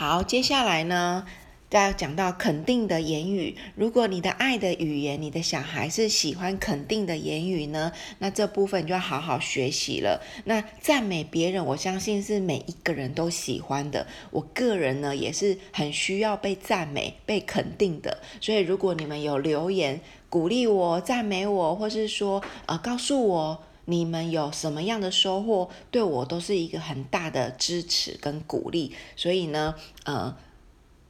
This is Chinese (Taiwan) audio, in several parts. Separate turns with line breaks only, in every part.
好，接下來呢，要講到肯定的言語。如果你的愛的語言，你的小孩是喜歡肯定的言語呢，那這部分就要好好學習了。那讚美別人，我相信是每一個人都喜歡的。我個人呢，也是很需要被讚美、被肯定的。所以，如果你們有留言鼓勵我、讚美我，或是說呃告訴我。你們有什麼樣的收穫，對我都是一個很大的支持跟鼓勵。所以呢，呃，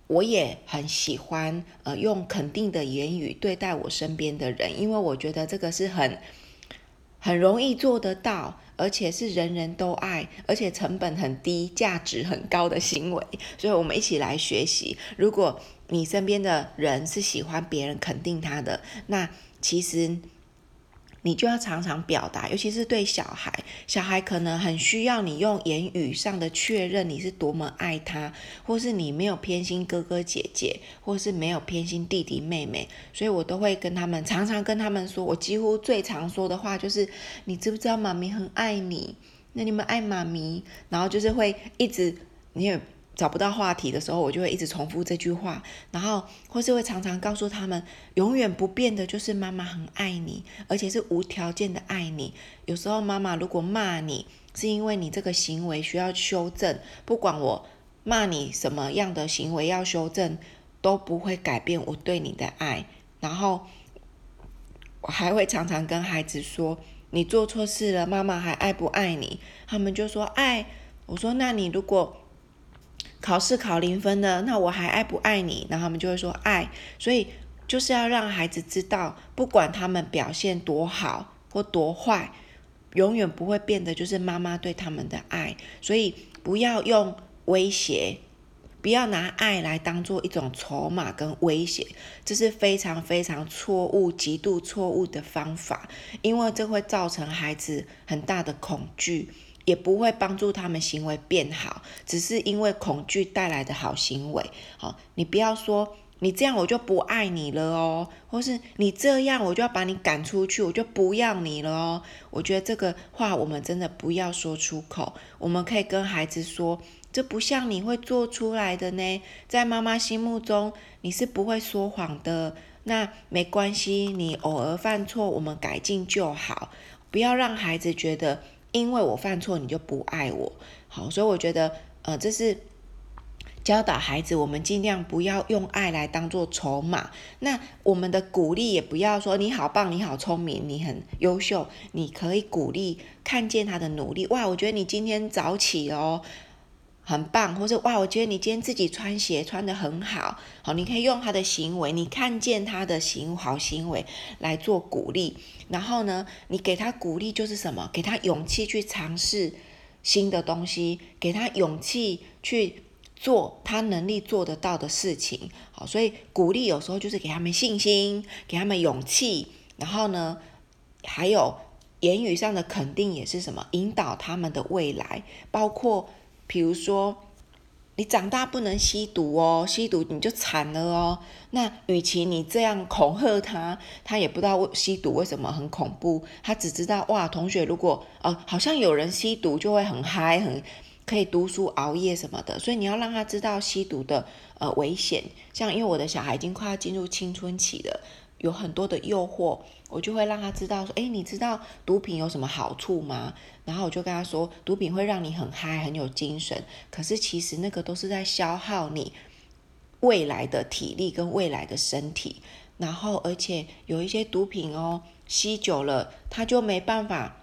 我也很喜歡，呃，用肯定的言語對待我身邊的人，因為我覺得這個是很很容易做得到，而且是人人都愛，而且成本很低、價值很高的行為。所以，我們一起來學習。如果你身邊的人是喜歡別人肯定他的，那其實。你就要常常表達，尤其是對小孩，小孩可能很需要你用言語上的確認你是多麼愛他，或是你沒有偏心哥哥姐姐，或是沒有偏心弟弟妹妹。所以我都會跟他們常常跟他們說，我幾乎最常說的話就是：你知不知道媽咪很愛你？那你們愛媽咪？然後就是會一直你為。找不到話題的時候，我就會一直重複這句話，然後或是會常常告訴他們，永遠不變的就是媽媽很愛你，而且是無條件的愛你。有時候媽媽如果罵你，是因為你這個行為需要修正，不管我罵你什麼樣的行為要修正，都不會改變我對你的愛。然後我還會常常跟孩子說，你做錯事了，媽媽還愛不愛你？他們就說愛、哎。我說那你如果。考試考零分呢？那我還愛不愛你？然後他們就會說愛，所以就是要讓孩子知道，不管他們表現多好或多壞，永遠不會變的就是媽媽對他們的愛。所以不要用威脅，不要拿愛來當做一種籌碼跟威脅，這是非常非常錯誤、極度錯誤的方法，因為這會造成孩子很大的恐懼。也不會幫助他們行為變好，只是因為恐懼帶來的好行為。好，你不要說你這樣我就不愛你了哦，或是你這樣我就要把你趕出去，我就不要你了哦。我覺得這個話我們真的不要說出口。我們可以跟孩子說，這不像你會做出來的呢。在媽媽心目中，你是不會說謊的。那沒關係，你偶爾犯錯，我們改進就好。不要讓孩子覺得。因為我犯錯，你就不愛我，好，所以我覺得，呃，這是教導孩子，我們盡量不要用愛來當做籌碼。那我們的鼓勵也不要說你好棒，你好聰明，你很優秀，你可以鼓勵看見他的努力。哇，我覺得你今天早起哦。很棒，或者哇，我覺得你今天自己穿鞋穿得很好。好，你可以用他的行為，你看見他的行好行為來做鼓勵。然後呢，你給他鼓勵就是什麼？給他勇氣去嘗試新的東西，給他勇氣去做他能力做得到的事情，好，所以鼓勵有時候就是給他們信心，給他們勇氣，然後呢，還有言語上的肯定也是什麼？引導他們的未來，包括。比如說，你長大不能吸毒哦，吸毒你就慘了哦。那與其你這樣恐嚇他，他也不知道吸毒為什麼很恐怖，他只知道哇，同學如果呃好像有人吸毒就會很嗨，很可以讀書熬夜什麼的。所以你要讓他知道吸毒的呃危險。像因為我的小孩已經快要進入青春期了。有很多的誘惑，我就會讓他知道說誒：“你知道毒品有什麼好處嗎？”然後我就跟他說：“毒品會讓你很嗨，很有精神，可是其實那個都是在消耗你未來的體力跟未來的身體。然後，而且有一些毒品哦，吸久了它就沒辦法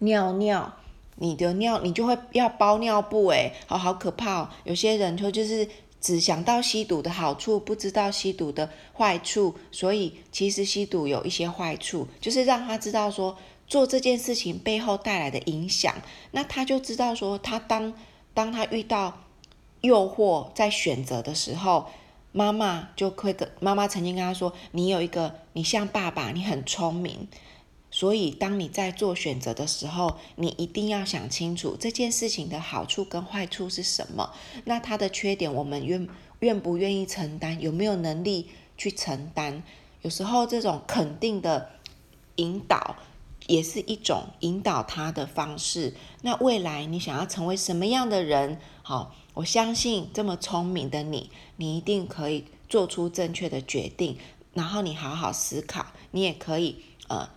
尿尿，你的尿你就會要包尿布、欸，誒，好好可怕哦！有些人就就是。”只想到吸毒的好處，不知道吸毒的壞處，所以其實吸毒有一些壞處，就是讓他知道說做這件事情背後帶來的影響，那他就知道說他當，當他遇到誘惑在選擇的時候，媽媽就會跟，媽媽曾經跟他說，你有一個，你像爸爸，你很聰明。所以，當你在做選擇的時候，你一定要想清楚這件事情的好處跟壞處是什麼。那它的缺點，我們願願不願意承擔？有沒有能力去承擔？有時候，這種肯定的引導也是一種引導他的方式。那未來你想要成為什麼樣的人？好、哦，我相信這麼聰明的你，你一定可以做出正確的決定。然後你好好思考，你也可以呃。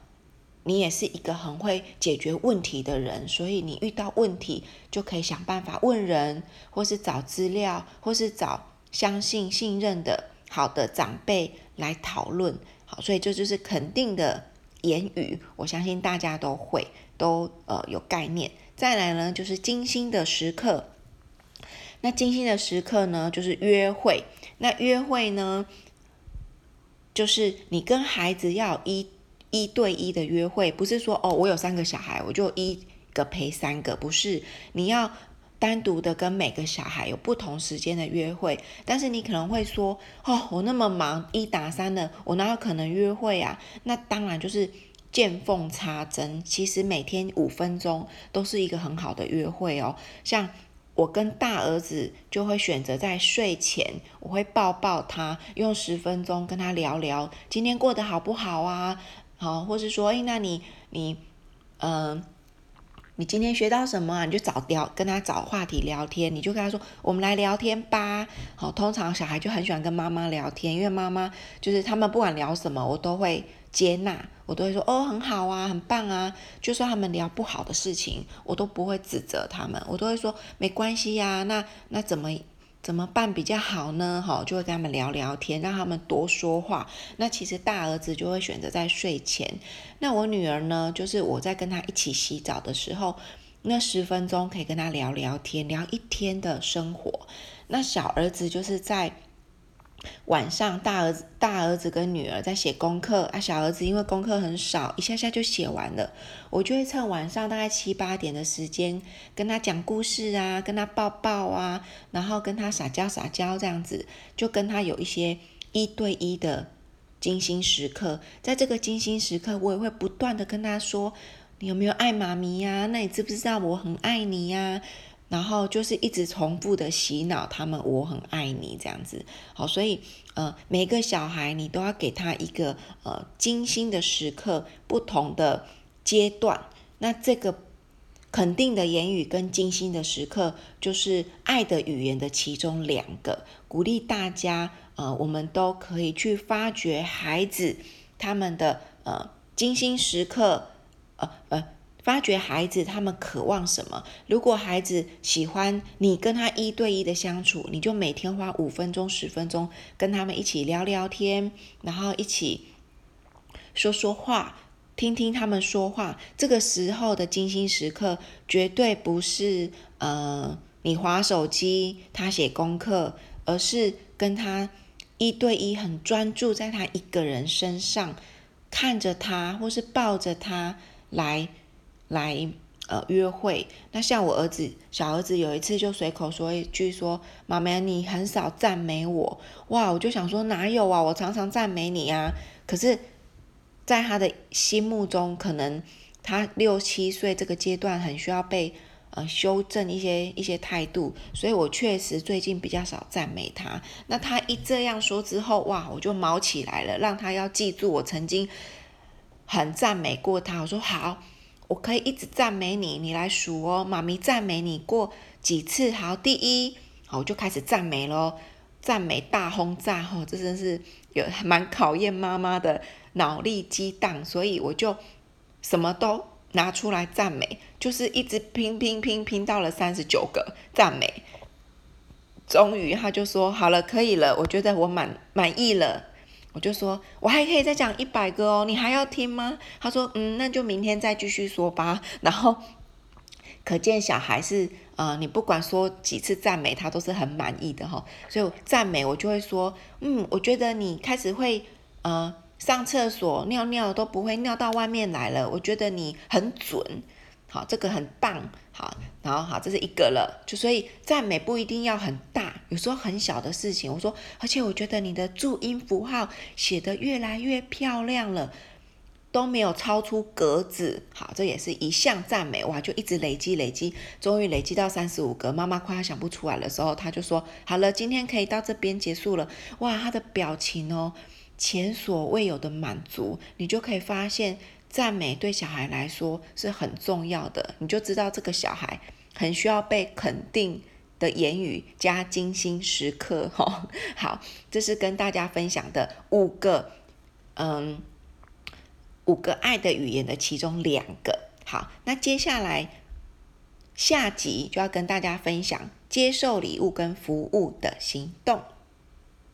你也是一個很會解決問題的人，所以你遇到問題就可以想辦法問人，或是找資料，或是找相信、信任的好的長輩來討論。好，所以這就是肯定的言語，我相信大家都會都呃有概念。再來呢，就是精心的時刻，那精心的時刻呢，就是約會。那約會呢，就是你跟孩子要一。一對一的約會，不是說哦，我有三個小孩，我就一個陪三個，不是你要單獨的跟每個小孩有不同時間的約會。但是你可能會說哦，我那麼忙，一打三的，我哪有可能約會啊？那當然就是見縫插針，其實每天五分鐘都是一個很好的約會哦。像我跟大兒子就會選擇在睡前，我會抱抱他，用十分鐘跟他聊聊今天過得好不好啊。好，或是說，欸，那你，你，嗯，你今天學到什麼啊？你就找聊跟他找話題聊天，你就跟他說，我們來聊天吧。好，通常小孩就很喜歡跟媽媽聊天，因為媽媽就是他們不管聊什麼，我都會接納，我都會說，哦，很好啊，很棒啊。就算他們聊不好的事情，我都不會指責他們，我都會說，沒關係呀，那那怎麼？怎麼辦比較好呢？好，就會跟他們聊聊天，讓他們多說話。那其實大兒子就會選擇在睡前，那我女兒呢，就是我在跟他一起洗澡的時候，那十分鐘可以跟他聊聊天，聊一天的生活。那小兒子就是在。晚上大兒子大兒子跟女兒在寫功課啊，小兒子因為功課很少，一下下就寫完了。我就會趁晚上大概七八點的時間，跟他講故事啊，跟他抱抱啊，然後跟他撒嬌撒嬌這樣子，就跟他有一些一對一的精心時刻。在這個精心時刻，我也會不斷地跟他說，你有沒有愛媽咪呀？那你知不知道我很愛你呀？然後就是一直重複的洗腦他們，我很愛你這樣子。好，所以呃，每個小孩你都要給他一個呃，精心的時刻，不同的階段。那這個肯定的言語跟精心的時刻，就是愛的語言的其中兩個。鼓勵大家，呃，我們都可以去發掘孩子他們的呃，精心時刻，呃呃。發覺孩子他們渴望什麼？如果孩子喜歡你跟他一對一的相處，你就每天花五分鐘、十分鐘跟他們一起聊聊天，然後一起說說話，聽聽他們說話。這個時候的精心時刻，絕對不是呃你滑手機，他寫功課，而是跟他一對一，很專注在他一個人身上，看着他，或是抱着他來。來，呃，約會。那像我兒子，小兒子有一次就隨口說一句說：“媽媽，你很少讚美我。”哇，我就想說哪有啊，我常常讚美你啊。可是，在他的心目中，可能他六七歲這個階段很需要被呃修正一些一些態度，所以我確實最近比較少讚美他。那他一這樣說之後，哇，我就毛起來了，讓他要記住我曾經很讚美過他。我說好。我可以一直讚美你，你來數哦。媽咪讚美你過幾次？好，第一，好，我就開始讚美咯，讚美大轟炸哈、哦，這真是有蠻考驗媽媽的腦力激盪，所以我就什麼都拿出來讚美，就是一直拼拼拼拼，拼到了三十九個讚美，終於他就說好了，可以了，我覺得我滿滿意了。我就說，我還可以再講一百個哦，你還要聽嗎？他說，嗯，那就明天再繼續說吧。然後，可見小孩是，呃，你不管說幾次讚美，他都是很滿意的哈、哦。所以讚美我就會說，嗯，我覺得你開始會，呃，上廁所尿尿都不會尿到外面來了，我覺得你很準，好，哦，這個很棒。好，然後好，這是一格了，就所以讚美不一定要很大，有時候很小的事情。我說，而且我覺得你的注音符號寫得越來越漂亮了，都沒有超出格子。好，這也是一項讚美哇，就一直累積累積，終於累積到三十五格。媽媽快想不出來的時候，他就說好了，今天可以到這邊結束了。哇，他的表情哦，前所未有的滿足。你就可以發現。讚美對小孩來說是很重要的，你就知道這個小孩很需要被肯定的言語加精心時刻哦。好，這是跟大家分享的五個，嗯，五個愛的語言的其中兩個。好，那接下來下集就要跟大家分享接受禮物跟服務的行動。